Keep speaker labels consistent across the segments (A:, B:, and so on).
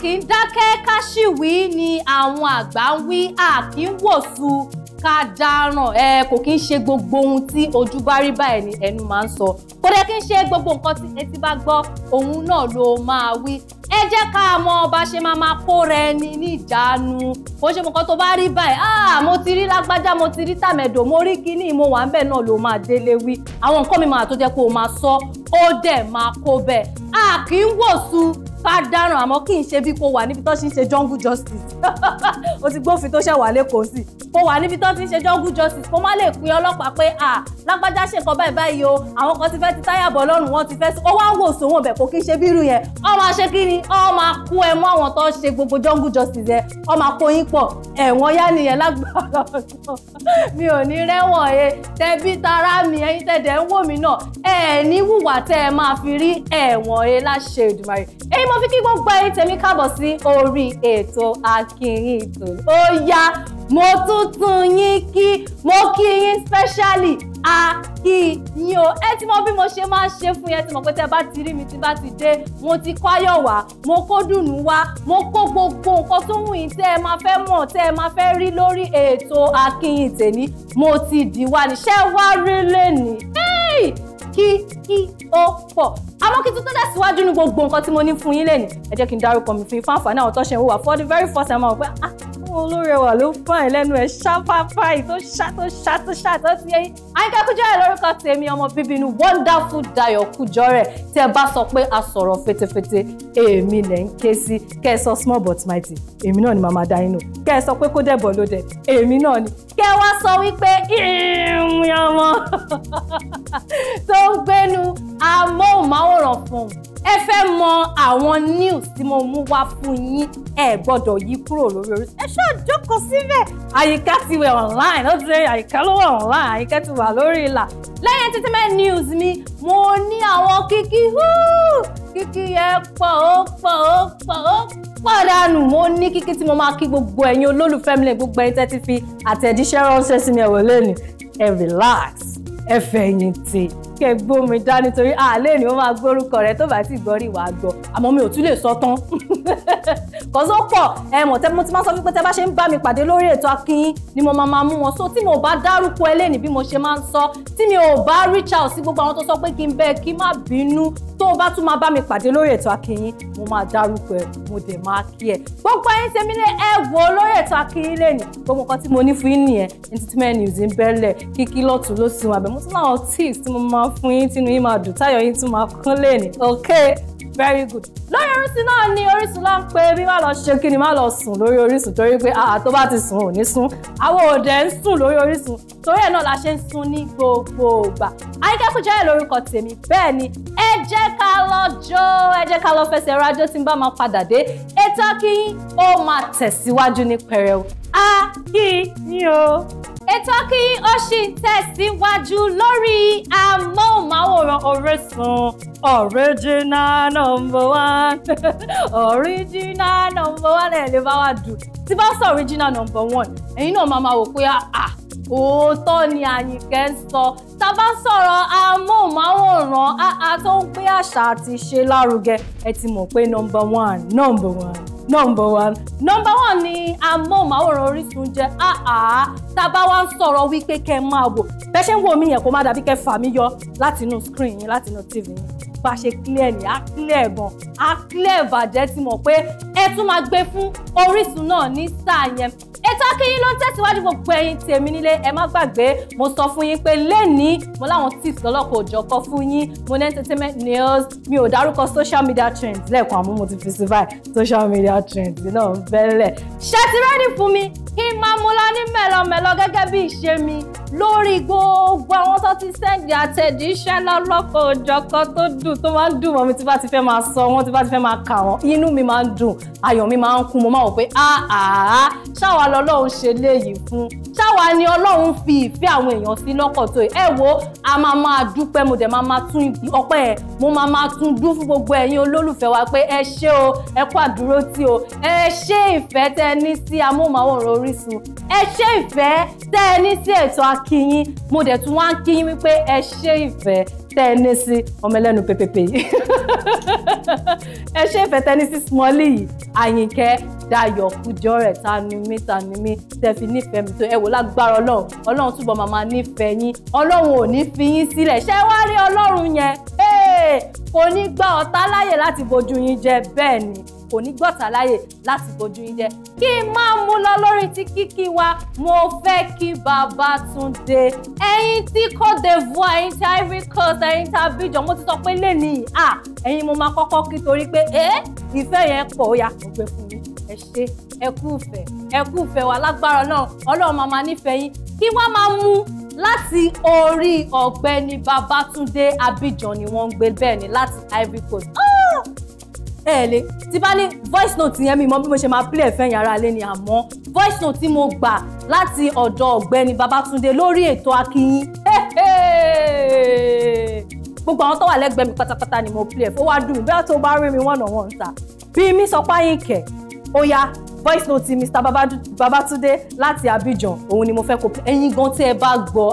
A: kì í dákẹ́ ká sì wí ni àwọn àgbà ń wí a kì í wòsù ká dáràn ẹ kò kí ń ṣe gbogbo ohun tí ojú bá rí báyìí ni ẹnu máa ń sọ kò dẹ̀ kí ń ṣe gbogbo nǹkan tí etí bá gbọ́ òun náà ló máa wí ẹ jẹ́ ká mọ ọba ṣe máa máa kóra ẹni ní ìjánu kò ṣe nǹkan tó bá rí báyìí ah mo ti rí lágbájá mo ti rí tàmẹ̀dò mo rí kíní mo wà ń bẹ̀ náà ló máa délé wí àwọn nǹkan mi máa tó jẹ́ kó o máa sọ ó dẹ̀ máa kó bẹ́ẹ̀ a kì í wòsù ká dáràn àmọ́ kì í ṣe bí kò wà níbi tó ṣe ń ṣe jungle justice o ti gbófin tó ṣe wà lẹ́kọ̀ọ́ sí kò wà níbi tó ti ń ṣe jungle justice kó má lè pin ọlọ́pàá pé à lágbájá ṣe nǹkan báyìí báyìí o àwọn kan ti fẹ́ ti táyà bọ̀ lọ́rùn wọn ti fẹ́ sí ó wá ń wòsàn kò kì í ṣe bírú yẹn ọmọ ṣe kí ni sí ọ máa kó ẹ mọ́ àwọn tó ń ṣe gbogbo jungle justice ẹ ọ máa kó yín pọ̀ ẹ̀wọ̀n yá nìyẹn lágbára mi ò ní rẹ́wọ̀n ẹ e. tẹbí tara mi ẹ̀yin tẹ̀dẹ̀ ń wò mí náà ẹ ní wùwà tẹ́ ẹ máa fi rí ẹ̀wọ̀n ẹ e láṣẹ Èdùmàrè èyí mo fi kí gbogbo ẹ̀yin tèmi káàbọ̀ sí orí ètò Akíìyín tòní ó yá mo tún tún yín kí mo kí yín specially akínyìn o ẹ ti mọ bí mo ṣe máa ṣe fún yẹn ti mọ pé tẹ bá ti rí mi tí bá ti dé mo ti káyọ̀ wá mo kó dùnú wá mo kó gbogbo nǹkan tó wù yín tẹ́ ẹ máa fẹ́ mọ̀ tẹ́ ẹ máa fẹ́ rí lórí ètò akínyìn tèmi mo ti dì wá níṣẹ́ wá rí lẹ́nìí kí kí ó pọ̀ àmọ́ kí tuntun tẹ̀síwájú ní gbogbo nǹkan tí mo ní fún yín lẹ́nìí ẹ jẹ́ kí n dárúkọ mi fún yín fáfà náà tó ṣe ń wà for the very first time àwọn pé ah olórẹwà ló fàn lẹ́nu ẹ̀ ṣáfáfá yìí tó ṣá tó ṣá tó ṣá tó ti yẹ yín àyíká kújọ́rẹ̀ lórúkọ tèmi ọmọ bíbí inú wonderful Dayọ̀ Kújọ́rẹ̀ tí ẹ bá sọ pé a sọ̀rọ̀ fetefete èmi lẹ̀ ń ké sí kẹ́ ẹ sọ small but mighty èmi náà ni màmá da inú kẹ́ ẹ sọ pé kó dẹ̀bọ̀ ló dẹ̀ èmi náà ni kẹ́ ẹ wá sọ wípé ìrìn ọmọ tó ń gbénu ẹ fẹ́ mọ àwọn news tí mo mú wá fún yín ẹ gbọ́dọ̀ yí kúrò lórí orí ẹ ṣe náà jókòó síbẹ̀ àyíká ti wẹ̀ online ó ti àyíká ló wà online àyíká ti wà lórí ìlà lẹ́yìn entertainment news mi mo ní àwọn kíkí kíkí yẹn pọ̀ ó pọ̀ ó pọ̀ ó pọ̀ dànù mo ní kíkí tí mo máa kí gbogbo ẹ̀yin olólùfẹ́ mi lè gbogbo ẹ̀yin tẹ́tí fi àtẹ̀jíṣẹ́ ránṣẹ́ sí mi ẹ̀wọ̀ lẹ́nu ẹ relax ẹ fẹ̀yìntì kẹ gbómi dání torí àlẹ́ ni ó máa gbórúkọ rẹ tó bá ti gbọ́ rí wàá gbọ́ àmọ́ mi ò tún lè sọ tán kọ́sọ́ pọ̀ ẹ tẹ́ mo ti máa sọ pé tẹ́ bá ṣe ń bá mi pàdé lórí ètò akínyìn ni mo máa máa mú wọn so tí mi ò bá dárúkọ ẹlẹ́ni bí mo ṣe máa ń sọ tí mi ò bá reach out sí gbogbo àwọn tó sọ pé kí n bẹ́ẹ̀ kí má bínú tó o bá tún máa bá mi pàdé lórí ètò akínyìn mo máa dárúkọ ẹ mo dẹ̀ máa kí ẹ gbogbo ẹyin tèmi lé ẹ wò lórí ètò akínyìn lẹ́nu gbogbo nǹkan tí mo ní fún yín nìyẹn entertainment news ń bẹ́ẹ̀ lẹ̀ kíkí lọ́tún ló sì wà bẹ́ẹ̀ tí mo máa máa fún yín tínú yín máa dùn táyọ̀ yín tún máa kún lẹ́ni ok very good. lórí Orísun náà ni Orísun là ń pé bí wàá lọ ṣe kí ni má lọ sùn lórí Orísun torí pé àà tó bá ti sùn ò ní sùn àwọn òde ń sùn lórí Orísun torí ẹ̀ náà la ṣe ń sùn ní gbogbo ìgbà. Àyìnkẹ́ Kújẹ́rẹ́ lórúkọ tèmi bẹ́ẹ̀ ni ẹ jẹ́ ká lọ jó ẹ jẹ́ ká lọ fẹsẹ̀ rájó tí ń bá máa padà dé ètò kí ó máa tẹ̀síwájú ní pẹrẹu. a kì í ní o ètò kí ó ṣì ń tẹ̀síwájú lórí amóhùnmáwòrán Orísun original number one original number one ẹ̀ lè bá wa dùn tí bá sọ original number one ẹ̀yin náà máa máa wò pé à òótọ́ ni àyìnkẹ́ ń sọ tá a bá sọ̀rọ̀ amóhùnmáwòrán àá tó ń gbé àṣà àti ìṣe lárugẹ ẹ ti mọ̀ pé number one number one number one. number one ni amóhùnmáwòrán Orísun jẹ́ àá tá a bá wá ń sọ̀rọ̀ wípé kẹ́ ẹ máa wò bẹ́ẹ̀ ṣe ń wò mí yẹn kó má dàbí kẹ́ fà mí yọ látinú screen yín látinú tv yín bá ṣe clear ni á clear gan á clear bàjẹ́ ti mọ̀ pé ẹ tún máa gbé fún Orísun náà ní sáà yẹn ètò akínyìn ló ń tẹ̀síwájú gbogbo ẹ̀yin tèmi nílé ẹ má gbàgbé mo sọ fún yín pé lẹ́ni mo láwọn tips lọ́lọ́kọ̀ òjọ̀kọ́ fún yín mo ní entertainment news mi ò dárúkọ social media trends lẹ́ẹ̀kan àmú mo ti fi sífà social media trends náà ń bẹ́lẹ̀ ṣètìrẹ́dì fún mi kí n máa mú lọ ní gẹ́gẹ́ bí ìṣe mi lórí gbogbo àwọn tó ti sẹ́ndì àtẹ̀jíṣẹ́ lọ́lọ́kọ̀ òjọ̀kọ́ tó dùn tó máa ń dùn mọ́ mi tí bá ti fẹ́ máa sọ wọ́n tí bá ti fẹ́ máa kà wọ́n inú mi máa ń dùn ayọ̀ mi máa ń kún mo máa wò pé ah, ah, ah, àá ṣáwa lọ́lọ́run ṣe léyìí fún ṣáwa ni ọlọ́run fi ìfẹ́ àwọn èèyàn sí lọ́kàn tó yìí wo a máa máa dúpẹ́ mo dẹ̀ máa máa tún ọpẹ́ ẹ̀ mo máa máa tún dún fún gbogbo ẹ̀yin olólùfẹ́ wa pé ẹ ṣé o ẹ kú àdúró tí o ẹ ṣé ìfẹ́ tẹ́ ẹ ní sí amóhùnmáwòrán Orísun ẹ ṣé ìfẹ́ tẹ́ ẹ ní sí ètò akínyìn mo dẹ̀ tún wá ń kíyìn wípé ẹ ṣé ìfẹ́ tẹ́ ẹ ní sí ọmọ ẹlẹ́nu pépépé ẹ ṣe ìfẹ́ tẹ́ ní sí smọ́lì yìí àyìnkẹ́ Dayọ̀ Kújọ́rẹ̀ ta ni mí ta ni mí tẹ̀fi nífẹ̀ẹ́ mi tó ẹ wò lágbára ọlọ́run ọlọ́run túbọ̀ màmá nífẹ̀ẹ́ yín ọlọ́run ò ní fi yín sílẹ̀ ṣé wá rí ọlọ́run yẹn kò ní gba ọ̀tá láyè láti bojú yín jẹ bẹ́ẹ̀ ni kò ní gbọ̀tà láyè láti bojú yín jẹ kí n máa mú lọ lórí ti kíkí wa mo fẹ́ kí Babátúndé ẹ̀yin tí Côte d'Ivoire ẹ̀yin tí Ivory Coast ẹ̀yin tí Abidjan mo ti sọ pé lẹ́nìí ẹ̀yin mo máa kọ́kọ́ kí torí pé eh, ìfẹ́ yẹn pọ̀ ó yà kó gbé fún mi ẹ ṣe ẹ kúfẹ́ ẹ kúfẹ́ wà lágbára náà ọlọ́run máa máa nífẹ̀ẹ́ yín kí wọ́n máa mú láti orí ọ̀gbẹ́ni Babátúndé Abidjan ni wọ́n ń gbé bẹ́ẹ̀ ni láti Ivory Coast ah! ẹ lè tí bá ní voice note yẹn mi mọ bí mo ṣe máa play ẹ̀fẹ́ yàrá alẹ́ ni àmọ́ voice note tí mo gbà láti ọ̀dọ̀ ọ̀gbẹ́ni babatunde lórí ètò akínyìn gbogbo àwọn tó wà lẹ́gbẹ̀ẹ́ mi pátápátá ni mo play ẹ̀fọ́ wá dùn bí wọ́n tó bá rí mi wọ́n nà wọ́n ń ta bí mi sọ páyín kẹ̀ ó voice note mr babatunde láti abidjan òun ni mo fẹ́ kó ẹ̀yin gan tí ẹ bá gbọ́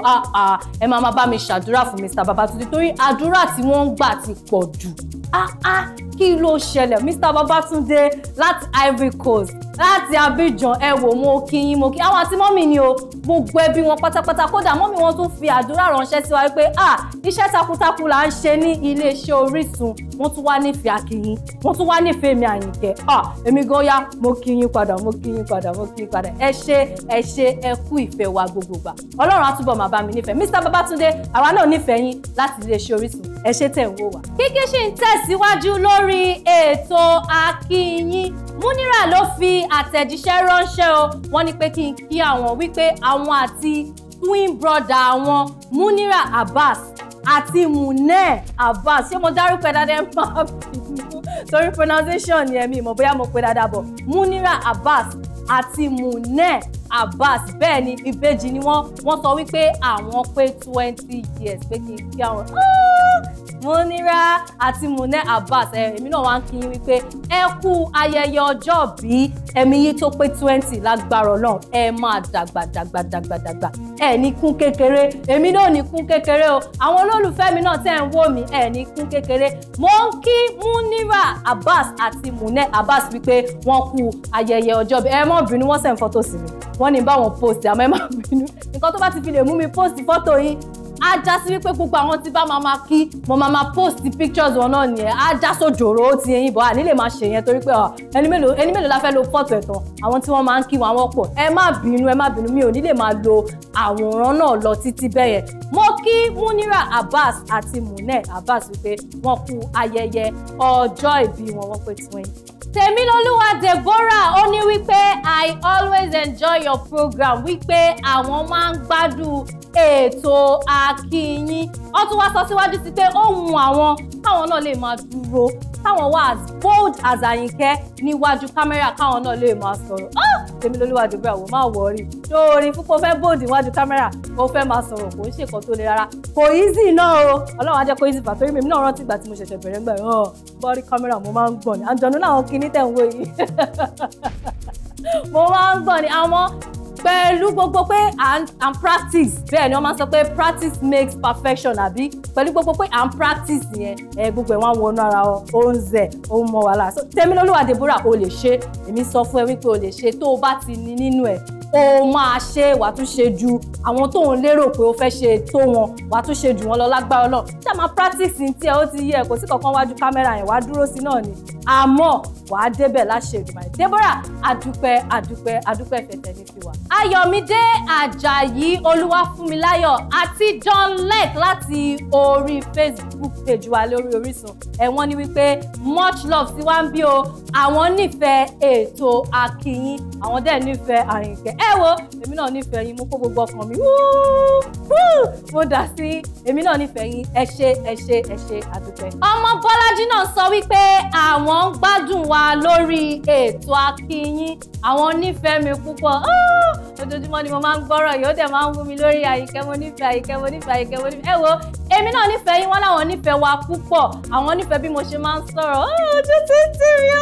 A: ẹ máa máa bá mi ṣàdúrà fún mr babatunde torí àdúrà tí wọ́n ń gbà ti pọ̀ jù ah ah kí ló ṣẹlẹ̀ Mr Babatunde láti Ivory Coast láti Abidjan ẹ wò mo kí yín mo kí àwọn àti mọ́mì ni o gbogbo ẹbí wọn pátápátá kódà mọ́mì wọn tún fi àdúrà ránṣẹ́ sí wa pé ah iṣẹ́ takuntakun là ń ṣe ní iléeṣẹ́ Orísun wọ́n tún wá nífẹ̀ẹ́ akínyín wọ́n tún wá nífẹ̀ẹ́ mi Àyìnkẹ́ ah èmi gan mo kí yín padà mo kí yín padà mo kí yín padà ẹ ṣe ẹ ṣe ẹ kú ìfẹ́ wa gbogbogbà Ọlọ́run á túbọ̀ máa bá mi nífẹ̀ẹ́ Mr Babatunde àwa náà nífẹ̀ẹ́ yín láti iléeṣẹ́ Orísun ẹ ṣe tẹ̀ ń wò wá. kíkí tẹ̀síwájú lórí ètò akínyìn múnira ló fi àtẹ̀jíṣẹ́ ránṣẹ́ o wọ́n ní pé kí n kí àwọn wípé àwọn àti twin brother àwọn múnira abbas àti munẹ abbas ṣé mo dárúkọ dáadáa ń pa torí pronunciation yẹn mi ìmọ̀ bóyá mo pe dáadáa bọ̀ múnira abbas àti munẹ Abbas bẹ́ẹ̀ ni ìbejì ni wọ́n wọ́n sọ wípé àwọn pé twenty years pé kì í kí àwọn ah! múnira àti múnẹ Abbas èmi náà wá ń kí yín wípé ẹ kú ayẹyẹ ọjọ́ bí ẹ̀mí yín tó pé twenty lágbára Ọlọ́run ẹ máa dàgbà dàgbà dàgbà dàgbà ẹ ní kún kékeré èmi náà ní kún kékeré o àwọn olólùfẹ́ mi náà tẹ̀ ń wò mí ẹ ní kún kékeré mo ń kí múnira Abbas àti múnẹ Abbas wípé wọ́n kú ayẹyẹ ọjọ́ bí ẹ mọ̀ bínú wọ́n sẹ̀ ń fọ́tò sí mi wọ́n ní bá wọn post àmọ́ ẹ má bínú nǹkan tó bá ti fi lè mú mi post fọ́tò yín á já sí wípé gbogbo àwọn tí bá máa ma kí mo máa ma post pictures wọn náà nìyẹn á já sójòrò ó ti yẹn bọ̀ à nílè máa ṣe yẹn torí pé ah, ẹni mélòó ẹni mélòó la fẹ́ lo fọ́tò ẹ̀tàn àwọn tí wọ́n máa ń kí wọn àwọn pọ̀ ẹ má bínú ẹ má bínú mi ò nílè máa lo àwòrán náà lọ títí bẹ́yẹn mo kí Munira Abbas àti Munẹ Abbas wípé wọ́n kú ayẹyẹ ọjọ́ ìbí wọn wọ́n pé twenty Tèmilolúwa Deborah ó ní wípé I always enjoy your program wípé àwọn máa ń gbádùn ètò akínyìn ó tún wá sọ síwájú sí pé ó wù àwọn káwọn náà lè máa dúró káwọn wá as bold as Àyìnkẹ́ níwájú kámẹ́rà káwọn náà lè máa sọ̀rọ̀ tèmi lolúwa dùgbẹ́ àwọn máa wọ̀ rí lórí púpọ̀ fẹ́ bòdì wájú kámẹ́rà ó fẹ́ máa sọ̀rọ̀ kò ń ṣe nǹkan tó le rárá kò easy náà o ọlọ́run á jẹ́ kó easy fà torí mi náà rántí ìgbà tí mo ṣẹ̀ṣẹ̀ bẹ̀rẹ̀ gbẹ̀ hàn bọ́rí kámẹ́rà mo máa ń gbọ̀n ni àjọ̀nú làwọn kinní tẹ̀ ń wò yìí mo máa ń gbọ̀n ni àmọ́ pẹ̀lú gbogbo pé and and practice bẹ́ẹ̀ ni wọ́n máa ń sọ pé practice makes perfection àbí pẹ̀lú gbogbo pé and practice yẹn ẹ gbogbo ẹ̀ wọ́n á wọnú ara wọn ó ń zẹ̀ ó ń mọ wàhálà so Tẹ́milolúwa Deborah o lè ṣe èmi sọ fún ẹ wípé o lè ṣe tó o bá ti ní nínú ẹ̀ o máa ṣe wà tún ṣe ju àwọn tó ń lérò pé o fẹ́ ṣe tó wọn wà jù wọn lọ lágbára náà tí a practice ní tiẹ̀ ó ti yẹ kò sí kankan wájú kámẹ́rà yẹn wàá dúró sí náà ni àmọ́ wàá débẹ̀ láṣẹ Èdùmàrè Deborah adúpẹ́ adúpẹ́ adúpẹ́ fẹ̀tẹ̀ ní tiwa ayọ̀mídé àjàyí olúwafúnmiláyọ̀ àti john lek láti orí facebook page wa lórí orísun ẹ̀wọ́n ni wípé much love sí wá ń bí o àwọn nífẹ̀ẹ́ ètò akínyìn àwọn dẹ̀ nífẹ̀ẹ́ àyìnkẹ́ ẹ wo èmi náà nífẹ̀ẹ́ yín mo kó gbogbo ọkàn mi mo dà sí èmi náà nífẹ̀ẹ́ yín ẹ ṣé ẹ ṣé ẹ ṣé àdúpẹ́. ọmọ bọ́lájí náà sọ wípé àwọn ń gbádùn wa lórí ètò akínyìn àwọn nífẹ̀ẹ́ mi púpọ̀ ojoojúmọ́ ni mo máa ń gbọ́rọ̀ yìí ó dẹ̀ máa ń wú mi lórí àyíkẹ́ mo nífẹ̀ẹ́ àyíkẹ́ mo nífẹ̀ẹ́ àyíkẹ́ mo nífẹ̀ẹ́ ẹ wo èmi náà nífẹ̀ẹ́ yín wọ́n láwọn nífẹ̀ẹ́ wa púpọ̀ àwọn nífẹ̀ẹ́ bí mo ṣe máa ń sọ̀rọ̀ ah, ojú ti ń tì mí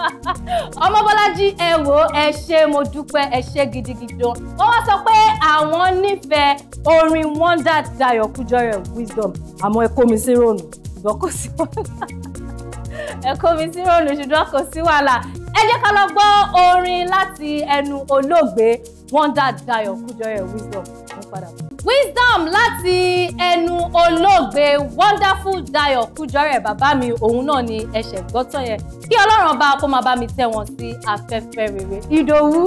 A: ọmọ Bọ́lájí ẹ wo ẹ ṣé mo dúpẹ́ ẹ ṣé gidigidi wọ́n wá sọ pé àwọn nífẹ̀ẹ́ orin wonder Dayọ̀ Kújọrẹ̀ wisdom àmọ́ ẹ kó mi sí rònú ṣùgbọ́n kò sí wàhálà ẹ kó mi sí rònú ṣùgbọ́n kò sí wàhálà ẹ jẹ́ ká lọ gbọ́ orin láti ẹnu olóògbé Wonder Dayo Kújọrẹ Wisdom mo Wisdom láti ẹnu olóògbé Wonderful Dayo Kújọrẹ bàbá mi òun náà ni ẹsẹ̀ gbọ́tọ̀ yẹn kí ọlọ́run ọba kó máa bá mi tẹ̀ wọ́n sí afẹ́fẹ́ rere Ìdòwú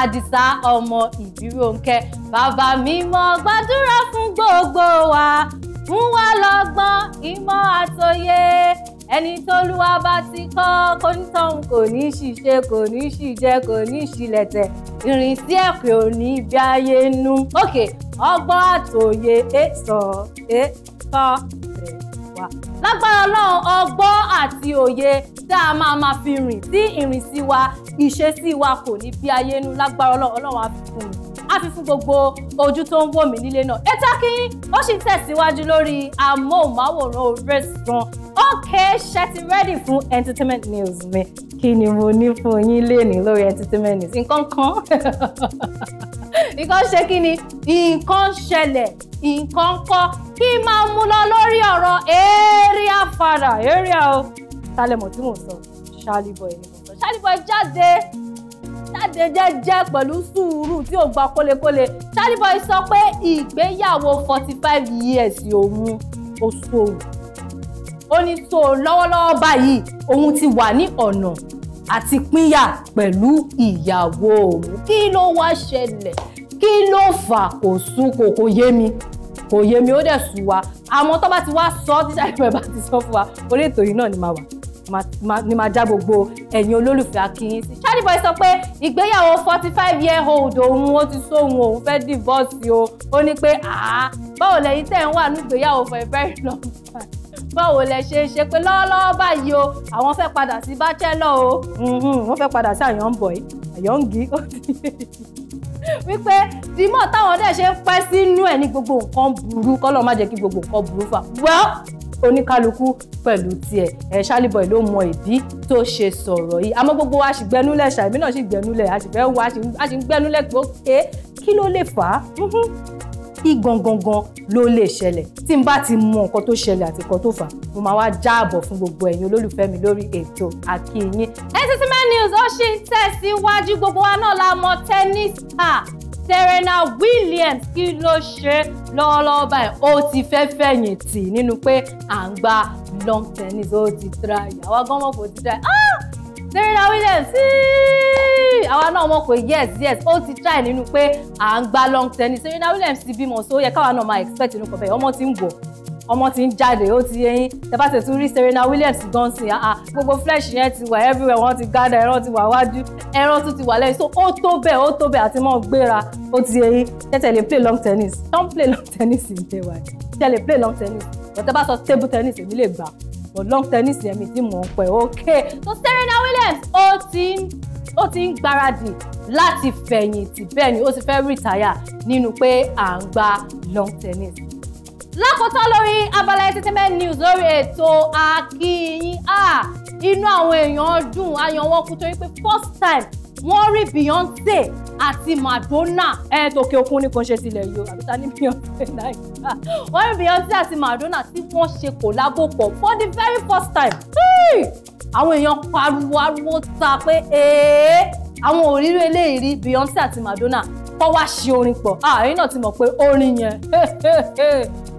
A: Àdìsá ọmọ Ìbíròǹkẹ́ bàbá mi mo gbàdúrà fún gbogbo wa fún wa lọ́gbọ́n ìmọ̀ àtòyé ẹni tólúwa bá ti kọ́ kóńtọ̀hún kò ní ṣìṣe kò ní ṣìjẹ kò ní ṣìlẹ̀tẹ̀ ìrìnsí ẹ̀pẹ̀ ò ní bí ayé nú. òkè ọgbọ́n àtòyè é sọ é sọ rẹ̀ wá. lágbára ọlọ́run ọgbọ́n àti òye tá a máa máa fi rìn tí ìrìnsí wa ìṣesí wa kò ní bí ayé nú lágbára ọlọ́run ọlọ́run á fi fún mi á fi fún gbogbo ojú tó ń wò mí nílé náà ètò ó sì tẹ̀síwájú lórí amóhùnmáwòrán Orísun okay ṣe ti fún entertainment news mi kí ni mo ní fún yín lénìí lórí entertainment news nǹkan kan nǹkan ṣe kí ni nǹkan ṣẹlẹ̀ nǹkan kọ́ kí n máa mú lọ lórí ọ̀rọ̀ area fada area o tálẹ̀ tí mò sọ Charlie Boy ni mo sọ Charlie Boy jáde jáde jẹ́jẹ́ pẹ̀lú sùúrù tí ò gba kólekóle Charlieboy sọ pé ìgbéyàwó forty five years òun ó sòrò ó ní so lọ́wọ́lọ́wọ́ báyìí òun ti wà ní ọ̀nà àti pínyà pẹ̀lú ìyàwó òun kí ló wá ṣẹlẹ̀ kí ló fà kò sún kò kò yé mi kò yé mi ó dẹ̀ sú wa àmọ́ tó bá ti wá sọ tíṣà ìpẹ́ bá ti sọ fún wa orí ètò yìí náà ni máa wà ni màá já gbogbo ẹ̀yin olólùfẹ́ akínyìn sí. Charlie Boy sọ pé ìgbéyàwó forty five year old òun ó ti sóhun òun fẹ́ divorce o ó ní pé àá báwo lẹ́yìn tẹ̀ ń wà ní ìgbéyàwó for a very long time báwo lẹ ṣe ṣe pé lọ́wọ́lọ́wọ́ báyìí o àwọn fẹ́ padà sí bachelor o wọ́n fẹ́ padà sí àyàn boy àyàn gí ó ti wípé dìímọ̀ táwọn dẹ̀ ṣe ń pẹ́ sínú ẹ̀ ní gbogbo nǹkan burú kọ́lọ́ má jẹ́ kí gbogbo nǹkan burú fà well oníkálukú pẹ̀lú tiẹ̀ ẹ̀ ṣálíbọ̀ ló mọ ìdí tó ṣe sọ̀rọ̀ yìí àmọ́ gbogbo wa sì gbẹnulẹ̀ ṣàìmí náà sì gbẹnulẹ̀ a sì fẹ́ wo a sì ń gbẹnulẹ̀ pé ókè kí ló lè fà á kí gangan ló lè ṣẹlẹ̀ tí n bá ti mọ nǹkan tó ṣẹlẹ̀ àti nǹkan tó fà á mo máa wá jáàbọ̀ fún gbogbo ẹ̀yin olólùfẹ́ mi lórí ètò AkiiYin. entertainment news ó ṣì ń tẹ̀síwájú gbogbo wa náà la mọ tennis star Serena Williams kí ló ṣe lọ́wọ́lọ́wọ́ báyìí ó ti fẹ́ fẹ̀yìn tì nínú pé à ń gba long tennis ó ti try àwa gan kò ti try ah Serena Williams àwa náà mọ̀ pé yes yes ó ti try nínú pé à ń gba long tennis Serena Williams ti bímọ so ó yẹ káwa náà máa expect inú kọfẹ́ ọmọ ti ń bọ̀ ọmọ ti ń jáde ó ti yẹyin tẹ́fàṣẹ̀ tún rí Serena Williams gan sí àá ah, ah, gbogbo flesh yẹn ti wà everywhere wọ́n ti gádà ẹran ti wà wájú ẹran tún ti wà lẹ́yìn so ó tó bẹ́ẹ̀ ó tó bẹ́ẹ̀ àti mọ́ gbéra ó ti yẹyin tẹ́tẹ̀ lè play long tennis don play long tennis in day wa tẹ́ lè play long tennis ọ̀tẹ́ bá sọ table tennis èmi lè gbà but long tennis yẹn mi ti mọ̀ ọ́n ok so Serena Williams ó ti ń ó ti ń gbáradì láti fẹ̀yìntì bẹ́ẹ̀ ni ó ti fẹ́ rìtáyà nínú pé à ń gba long tennis lákòótán lórí abala entertainment news lórí ètò akíyìn inú àwọn èèyàn dùn ayọ̀ wọn kú torí pé first time wọ́n rí Beyonce àti Madonna ẹ tòkè òkun ni kò ń ṣe tilẹ̀ yìí o àbíta ní Beyonce nàìjíríà wọ́n rí Beyonce àti Madonna tí wọ́n ṣe kòlábò pọ̀ for the very first time àwọn èèyàn pariwo ariwo ta pé ee àwọn òríró eléyìí rí Beyonce àti Madonna kọ́ wá ṣe orin pọ̀ àárín náà ti mọ̀ pé orin yẹn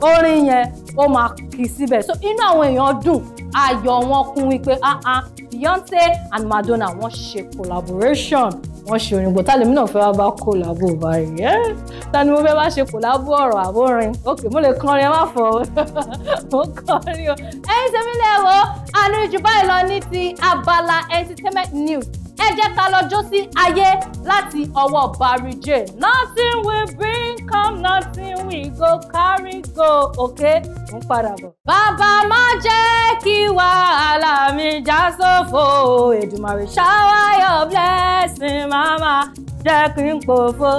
A: orin yẹn ó máa kì í síbẹ̀ so inú àwọn èèyàn dùn ayọ̀ wọn kún wípé Beyonce and Madonna wọ́n ṣe collaboration wọ́n ṣe orin bò tálẹ̀ mi náà fẹ́ wá bá kòlábò báyìí ẹ́ ta ni mo fẹ́ bá ṣe kòlábò ọ̀rọ̀ àbórin òkè mo lè kọrin ẹ má fọ mo kọrin o ẹ̀yin tẹ́mi lẹ́wọ̀ àlejò báyìí lọ ní ti abala entertainment news ẹ jẹ́ ká lọ jó sí ayé láti ọwọ́ Barry-J. nothing will bring come nothing will go carry go òkè ń padà bọ̀. bàbá má jẹ́ kí wàhálà mi já sófo Èdùmàrè shower your blessing mama jẹ́ kí n pòfo.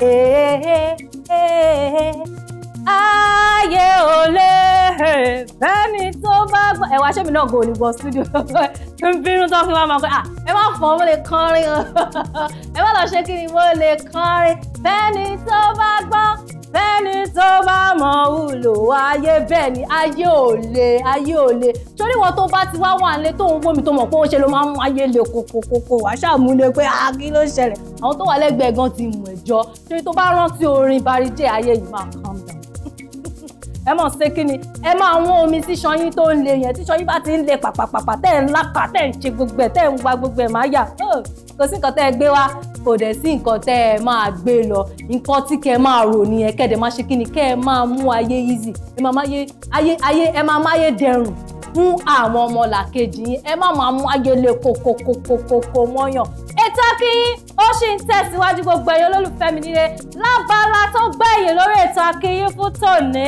A: Hey, hey, hey, hey ayé ò lè bẹ́ẹ̀ni tó bá gbọ́ ẹ̀wà ṣẹ́mi náà gò ní gbọ́ studio tó ń bínú tó fi wá máa pẹ́ à ẹ má fọ́ mo lè kọrin o ẹ má lọ ṣe kí ni mo lè kọrin bẹ́ẹ̀ni tó bá gbọ́ bẹ́ẹ̀ni tó bá mọ̀ wúlò ayé bẹ́ẹ̀ni ayé ò lè ayé ò lè torí wọn tó bá ti wá wà nílé tó ń wómi tó mọ̀ pé ó ṣe ló máa ń mú ayé le kòkòkòkò wàá ṣàmúlẹ̀ pé a kí ló ṣẹlẹ̀ àwọn tó wà lẹ́gbẹ̀ẹ́ gan ti mọ̀ ẹ̀jọ́ torí tó bá rántí orin Barry Jhay ayé yìí máa kàn mí ẹ mọ̀ ṣe kí ni ẹ máa wọ́n omi sí ṣọyín tó ń le yẹn tí ṣọyín bá ti ń le pàpàpàpà tẹ́ ẹ̀ ń lápá tẹ́ ẹ̀ ń ṣe gbogbo ẹ̀ tẹ́ ẹ̀ ń wa gbogbo ẹ̀ máa yà kò sí nǹkan tẹ́ ẹ gbé wá kò dẹ̀ sí nǹkan tẹ́ ẹ máa gbé lọ nǹkan tí kẹ́ ẹ máa rò nìyẹn kẹ́ ẹ dẹ̀ máa ṣe kí ni kẹ́ ẹ máa mú ayé easy ẹ máa máa ayé ayé ayé ẹ máa máa ayé dẹrùn fún àwọn ọmọlàkejì yín ẹ má máa mú ayẹlẹ kòkòkòkòkò mọ́yàn. ètò akínyìn ó sì ń tẹ̀síwájú gbogbo ẹ̀yin olólùfẹ́ mi nílé lábala tó gbẹ̀yìn lórí ètò akínyìn fún tòní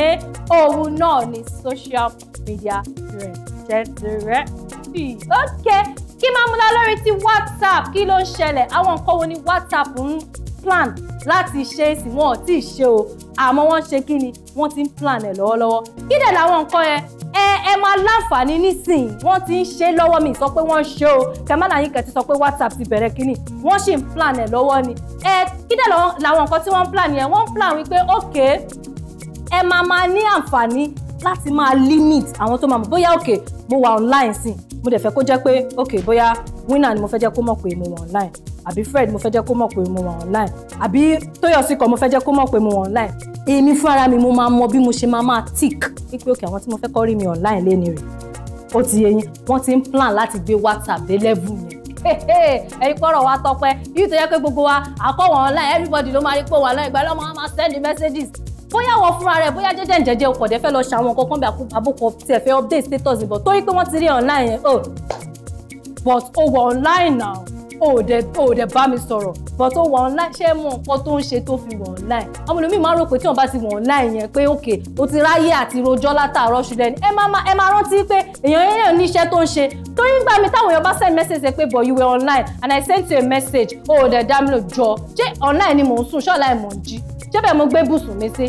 A: òun náà ní social media rẹ̀ jẹ́tẹ̀rẹ́ fì. ok kí máa múra lórí ti WhatsApp kí ló ń ṣẹlẹ̀ àwọn nǹkan wo ni WhatsApp ń plan láti ṣe é sì wọn ò tí ì ṣe o àmọ́ wọ́n ṣe kí ni wọ́n ti ń plan ẹ̀ lọ́wọ́lọ́wọ́ kí dẹ̀ làwọn nǹkan yẹn ẹ ẹ máa láǹfààní nísìnyí wọ́n ti ń ṣe lọ́wọ́ mi sọ pé wọ́n ṣe o kẹmánà yín kẹ sọ pé whatsapp ti bẹ̀rẹ̀ kínní wọ́n sì ń plan ẹ̀ lọ́wọ́ ni ẹ kí dẹ̀ làwọn nǹkan tí wọ́n ń plan yẹn wọ́n ń plan wípé okay ẹ máa máa ní àǹfààní láti máa limit àwọn tó máa mọ̀ bóyá okay mo wà online sí mo dẹ̀ fẹ́ kó jẹ́ pé okay bóyá winner ni mo fẹ́ jẹ́ kó mọ̀ pé mo wà online àbí Fred mo fẹ́ jẹ́ kó mọ̀ pé mo wà online àbí Tóyọ̀sí kan mo fẹ́ jẹ́ kó mọ̀ pé mo wà online èmi fúnra mi mo máa mọ bí mo ṣe máa máa tick wípé òkè àwọn tí mo fẹ́ kọ́ rí mi online lé ni rè ó ti yẹ yín wọ́n ti ń plan láti gbé WhatsApp dé level yẹn ẹ̀yin kọ́rọ̀ wa tọpẹ́ yìí tó yẹ pé gbogbo wa àkọ́wọ̀n online everybody ló máa rí pé wà lọ́yìn ìgbà lọ́mọ wa máa send messages bóyá wọ fúnra rẹ bóyá jẹ́jẹ́ ǹjẹ́jẹ́ o kò dé fẹ́ lọ ṣàwọn nǹkan kan bí àbúkọ tiẹ̀ fẹ́ update status ìbọn torí pé wọ́n ti rí online yẹn oh. o but ó wọ online now o dẹ o dẹ bá mi sọ̀rọ̀ but ó wà online ṣé mọ nǹkan tó ń ṣe tó fi wà online ọmọ ìlú mi máa ń rò pé tí wọn bá ti wà online yẹn pé òkè o ti ráyè àti rojọ́ látàárọ̀ ṣùgbọ́n ẹ máa ẹ máa rántí pé èèyàn èèyàn ní iṣẹ́ tó ń ṣe torí ń gbà mí táwọn èèyàn bá send message ẹ pé but you were online and I sent you a message o dẹ dá mi lò jọ ṣé online ni mò ń sùn ṣé online mò ń jí jẹ́bẹ̀ mo gbé bùsùn mi sí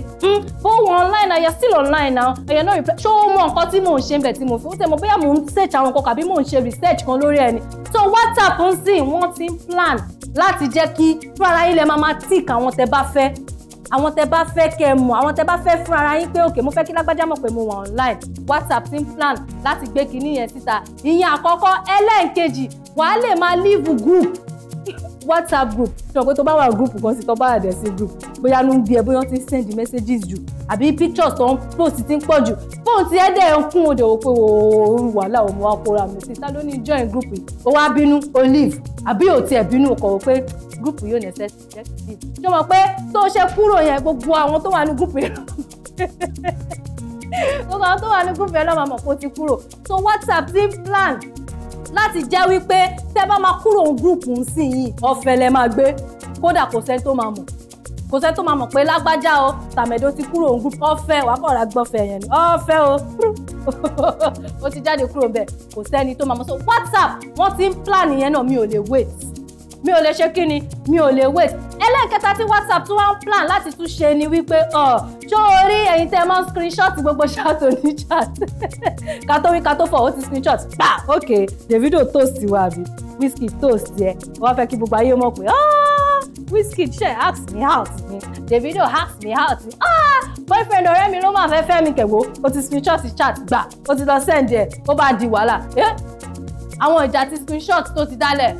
A: fóònù hmm, online na you're still online now and you're not reply ṣé o mọ nǹkan tí mò ń ṣe ń bẹ̀ tí mo fi ó tẹ̀ mọ́ bóyá mò ń search àwọn nǹkan kàbí mò ń ṣe research kan lórí ẹni so WhatsApp ń sìn wọ́n ti ń plan láti jẹ́ kí fúnra ilẹ̀ máa máa tíì káwọn tẹ bá fẹ́ àwọn tẹ bá fẹ́ kẹ́ ẹ mọ̀ àwọn tẹ bá fẹ́ fún ara yín pé òkè mo fẹ́ kí lágbájá mọ̀ pé mo wà online whatsapp ti ń plan láti gbé kinní yẹn síta ìyẹn àkọ́kọ́ ẹlẹ́ẹ̀kejì wàá lè máa leave group whatsapp group ṣe pé tó bá wà group kan sí tó bá àdẹ̀ group bóyá ló ń bí ẹ bóyá ti ń send messages jù àbí pictures tó ń post ti ń pọ̀ jù fóònù ti ẹ́ dẹ̀ ń kún òde òpè òòrùn wàhálà òun wa kóra mi sí ta ló ní join group yìí ó wá bínú ó leave àbí ò tiẹ̀ bínú ọkọ̀ wò pé group yóò nẹ́sẹ̀ jẹ́ kìí ṣe mọ̀ pé tó ṣe kúrò yẹn gbogbo àwọn tó wà ní group yẹn gbogbo àwọn tó wà ní group yẹn lọ́mọ so whatsapp ti plan láti jẹ́ wípé tẹ́ bá máa kúrò ní gúrùpù ń sìn yìí ọ̀fẹ́ lẹ máa gbé kódà kò sẹ́ni tó máa mọ̀ kò sẹ́ni tó máa mọ̀ pé lágbájá o tàmẹ̀dó ti kúrò ní gúrùpù ọ̀fẹ́ wàá kọ̀ ra gbọ́fẹ́ yẹn ni ọ̀fẹ́ o ó ti jáde kúrò bẹ́ẹ̀ kò sẹ́ni tó máa mọ̀ so WhatsApp wọ́n ti ń plan yẹn náà mi ò lè wait mi ò lè ṣe kí ni mi ò lè wait ẹlẹ́ẹ̀kẹta tí whatsapp tún wá ń plan láti tún ṣe ni wípé ọ ṣó o rí ẹ̀yin tẹ́ ẹ máa ń screenshot gbogbo ṣáàtò ní chat ká tó wí ká tó fọ̀ ó ti screenshot pa ok Davido toast wa àbí Whiskey toast yẹ wọ́n fẹ́ kí gbogbo ayé mọ̀ pé Wizkid ṣe ask me out ni Davido ask me out ni ah boyfriend ọ̀rẹ́ mi ló máa fẹ́ fẹ́ mi kẹ̀wó ó ti screenshot chat gbà ó ti lọ send ẹ̀ ó bá di wàhálà eh? àwọn ìjà ti screenshot tó ti dálẹ̀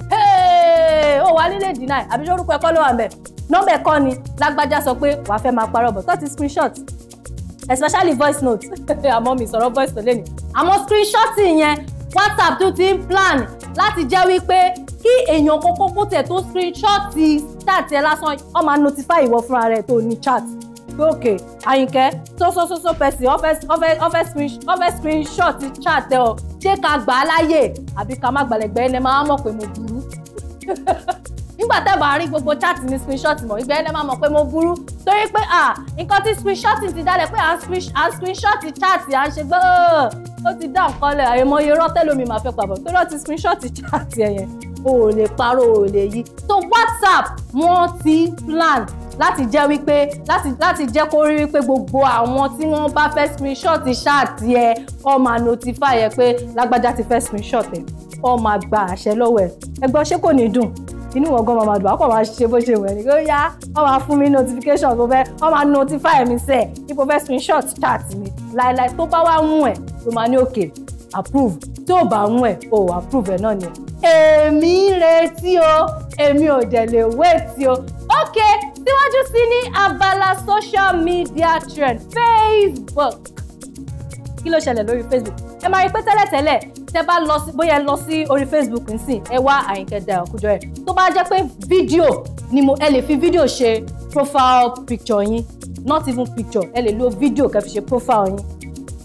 A: ó wà nílé deny àbí sórúkọ ẹ̀kọ́ ló wà mẹ́ nọ́mbà ẹ̀kọ́ ni lágbájá sọ pé wàá fẹ́ máa parọ́ bọ̀ tó ti screenshot especially voice note àmọ́ mi sọ̀rọ̀ voice note lẹ́nu àmọ́ screenshot yẹn WhatsApp tó ti ń plan láti jẹ́ wípé kí èèyàn kókó kó tẹ̀ tó screenshot ti chat ẹ lásán ó máa notify ìwọ fúnra rẹ̀ tó ní chat Okay, So so so òkè àyìnkẹ́ sósósósó pẹ̀sì ọ̀fẹ́ screenshot chat ẹ̀ eh, ọ́ oh. ṣé ká gbà á láyè àbí ká má gbàlẹ̀gbẹ́ ẹ̀ máa mọ̀ pé mo burú nígbà tẹ́ bá rí gbogbo chat ní screenshot mọ̀ ìgbẹ́ ẹ̀ máa mọ̀ pé mo burú torí pé ah nǹkan tí screenshot ti dálẹ̀ pé à ń screenshot chat à ń ṣe gbọ́ oh, ó ti dá nǹkan lẹ̀ àìmọye rọ́tẹ́lómi máa fẹ́ pàbọ̀ torí ó ti screenshot chat ẹ̀ yẹn o ò lè parọ́ o ò lè yí so WhatsApp wọ́n ti plan láti jẹ́ wípé láti láti jẹ́ kó rí wípé gbogbo àwọn tí wọ́n bá fẹ́ screenshot ṣáàtì ẹ ó máa notify ẹ pé lágbájá ti fẹ́ screenshot ẹ ó máa gba àṣẹ lọ́wọ́ ẹ ẹgbọ́n ṣé kò ní dùn inú wọn gan máa dùn àpò máa ṣe bó ṣe wẹ̀ ní kó yá wọ́n máa fún mi notification tó fẹ́ wọ́n máa notify mi sẹ́ẹ̀ ipò fẹ́ screenshot ṣáàtì mi láéláé tó bá wá mú ẹ̀ ló máa ní òkè approve tó bá mú ẹ̀ o approve ẹ̀ náà ni èmi ń retí o èmi ò dẹ̀ lè wéètì o ok síwájú sí ní abala social media trend Facebook kí ló ṣẹlẹ̀ lórí Facebook ẹ máa rí pé tẹ́lẹ̀tẹ́lẹ̀ tẹ́ bá lọ sí bóyá lọ sí orí Facebook nsìn ẹ wá Àyìnkẹ́ Dayọ̀ Kújọrẹ́ tó bá jẹ́ pé fídíò ni mo ẹ lè fi fídíò ṣe profile picture yín not even picture ẹ lè lo fídíò kẹ́ ṣe profile yín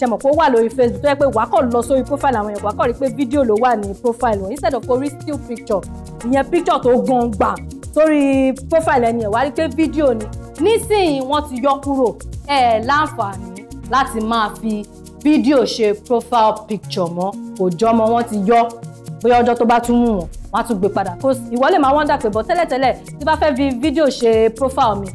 A: ṣe mọ̀ pé ó wà lórí facebook tó yẹ pé wàá kọ̀ lọ sórí profile àwọn èèyàn wàá kọ̀ rí pé fídíò ló wà ní profile wọn instead of orí still picture ìyẹn picture tó gan gbà sórí profile ẹni ẹ̀ wàá rí pé fídíò ni nísìnyí wọ́n ti yọ kúrò ẹ̀ láǹfààní láti máa fi fídíò ṣe profile picture mọ́ kò jọmọ wọ́n ti yọ bóyá ọjọ́ tó bá tún wù wọ́n wọ́n á tún gbé padà kó ìwọ lè máa wọ́n dà pé bọ́ tẹ́lẹ̀tẹ́lẹ̀ tí bá fẹ́ fi fídíò ṣe profile mi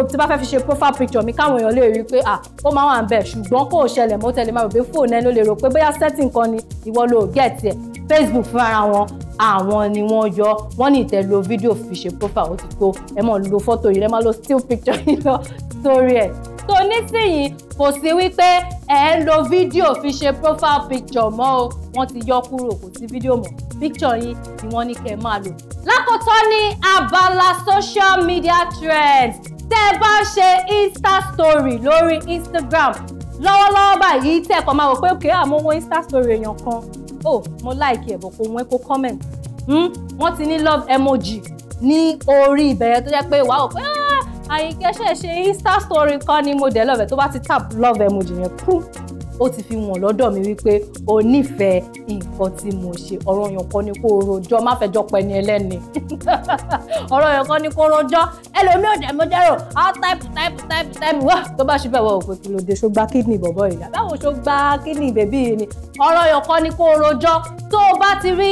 A: tí bá fẹ́ fi ṣe profile picture mi káwọn èèyàn lè rí i pé à ó máa wà ń bẹ̀ ṣùgbọ́n kò ṣẹlẹ̀ mọ́ tẹ̀lé máa rò pé fóònù ẹ ló lè rò pé bóyá setting kan ni ìwọ ló get ẹ̀ Facebook fún ara wọn àwọn ni wọ́n yọ wọ́n ní ìtẹ̀lò fídíò fi ṣe profile ó ti tó ẹ máa lo fọ́tò yìí ẹ máa lo still picture yìí lọ sórí ẹ̀ tó nísìnyí kò sí wípé ẹ ń lo video. fi ṣe profile picture mọ́ o wọ́n ti yọ kúrò kò sí fídíò mọ́ picture yín ni wọ́n ní kẹ́ máa lò. lákòótọ́ ní abala social media trends tẹ́ ẹ bá ṣe insta story lórí instagram lọ́wọ́lọ́wọ́ báyìí tẹ́ ẹ kàn máa wò pé òkè àmọ́ owó insta story èèyàn kan oh mo like ẹ̀ bọ̀ kò wọ́n kó comment hmm? wọ́n ti ní love emoji ní orí ìbẹ̀rẹ̀ tó jẹ́ pé wàá wò pé ah, àyìnkẹ́ ṣẹ̀ ṣe insta story kan ní mo dẹ̀ love ẹ̀ tó bá ti tap love emoji yẹn kú ó ti fi wọ̀n lọ́dọ̀ mi wípé o nífẹ̀ẹ́ nǹkan tí mo ṣe ọ̀rọ̀ yẹn kọ́ ni kó o rojọ́ má fẹjọ́ pẹ́ ni ẹlẹ́ni ọ̀rọ̀ yẹn kọ́ ni kó o rojọ́ ẹlòmíì ò dẹ̀mọ́ dẹ́rò á ah, táìpù táìpù táìpù táìpù wá tó bá ṣe bẹ́ẹ̀ wọ́n òpin kìlò dé ṣógbá kídìnì bọ̀bọ̀ ìdá báwo ṣógbá kídìnì bèbí yìí ni ọ̀rọ̀ yẹn kọ́ ni kó o rojọ́ tó o bá ti rí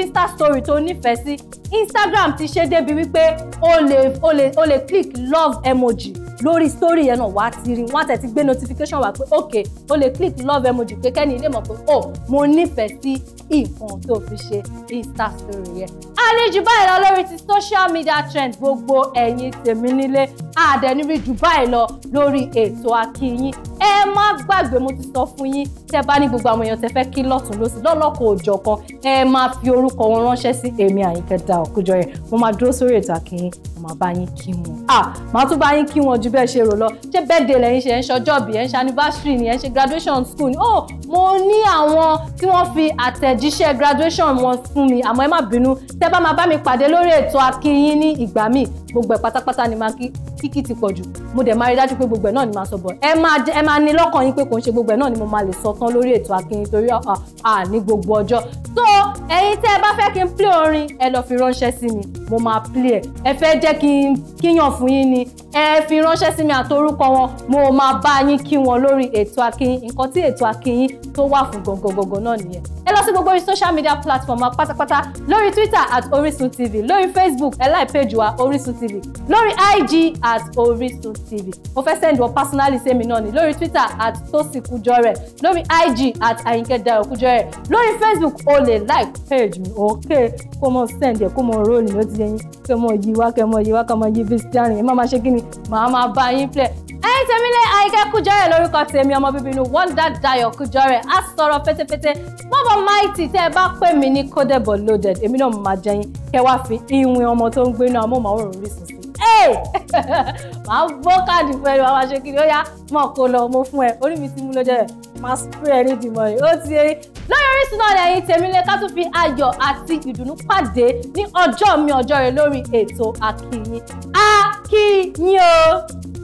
A: insta story tó nífẹ̀ẹ́ sí Instagram ti ṣe débi wípé o lè o lè o lè click love emoji lórí story yẹn náà wàá ti rí wọ́n á gbé notification wá pé ok o lè click love emoji pé kẹ́ni ilé mọ̀ pé oh mo nífẹ̀ẹ́ sí nǹkan tó fi ṣe insta story yẹn. a ní jù báyìí lọ lórí ti social media trend gbogbo ẹ̀yin tèmi nílé àdẹ̀ni rí jù báyìí lọ lórí ètò akínyìn ẹ má gbàgbé mo ti sọ fún yín tẹ bá ní gbogbo àwọn èèyàn tẹ fẹ́ kí lọ́tún lọ́sí lọ́lọ́kọ̀ òjọ̀kan ẹ máa fi orúkọ wọn ránṣẹ́ sí èmi àyínkẹ́ da òkújọ yẹn mo máa dúró sórí ètò akínyìn mo máa bá yín kí wọn. ah màá tún bá yín kí wọn j ju bẹ́ẹ̀ ṣe rò lọ ṣé birthday lẹ́yìn ṣe ẹ̀ ń ṣọjọ́bì ẹ̀ ń ṣe anniversary ni ẹ̀ ń ṣe graduation school ni oh mo ní àwọn tí wọ́n fi àtẹ̀jíṣẹ́ graduation wọn fún mi àmọ́ ẹ má bínú tẹ́ bá máa bá mi pàdé lórí ètò Àkíìyín ní ìgbà míì gbogbo ẹ̀ pátápátá ni máa kí kíkì ti pọ̀ jù mo dẹ̀ máa rí dájú pé gbogbo ẹ̀ náà ni máa sọ bọ̀ ẹ máa ẹ máa ní lọ́kàn yín pé kò ń ṣe gbogbo ẹ̀ náà ni mo máa lè sọ tán lórí ètò Àkíìyín torí à ní gbogbo ọjọ́ so ẹ̀yin tẹ́ ẹ bá fẹ́ kí n play orin ẹ lọ fi ránṣẹ́ sí mi mo máa play ẹ̀ ẹ fẹ́ jẹ́ kí n kíyàn fún yín ni ẹ fi ránṣẹ́ sí mi àtorúkọ wọn mo máa bá yín kí wọn lórí ètò Àkíìyín nǹkan tí ètò Àkíìyín tó wà fún gọ̀ngọ̀gọ̀ngọ̀ náà nìyẹn ẹ lọ sí gbogbo orí social media platform pátápátá lórí Twitter at Orisun TV lórí Facebook ẹ láì péjì wa Orisun TV tv lórí ig at orisun tv mo fẹ́ send wọ personally sẹ́mi náà ni lórí twitter at tosikujore lórí ig at ayinkedayokujore lórí facebook o lè like page mi ok kó mọ send ẹ kó mọ roll ló ti yẹ yín kẹ́ mọ yí wá kẹ́ mọ yí wá kẹ́ mọ yí visiting ẹ má máa ṣe kí ni màá máa bá yín play ẹ̀yin tèmi lé Àyìnkẹ́ Kújọrẹ̀ lórúkọ tèmi ọmọ bíbí inú Wonder Dayo Kújọrẹ̀ á sọ̀rọ̀ fetefete bọ́bọ̀ mighty tẹ́ ẹ bá pè mí ní codable loaded èmi náà máa jẹyin kẹ́ wá fi ìwìn ọmọ tó ń gbé náà amóhùnmáwòrán Orísun sí máa bó káàdì fún ẹni máa ṣe kiri ó yá mọ̀ kó lọ mo fún ẹ orí mi ti mú lọ́jọ́ rẹ̀ máa spray ẹni dìmọ̀ rẹ̀ ó ti eré lórí Orísun náà lẹ́yìn tèmílé ká tún fi ayọ̀ àti ìdùnnú pàdé ní ọjọ́ mi ọjọ́ rẹ̀ lórí ètò Àkìíyìn Àkìíyìn o.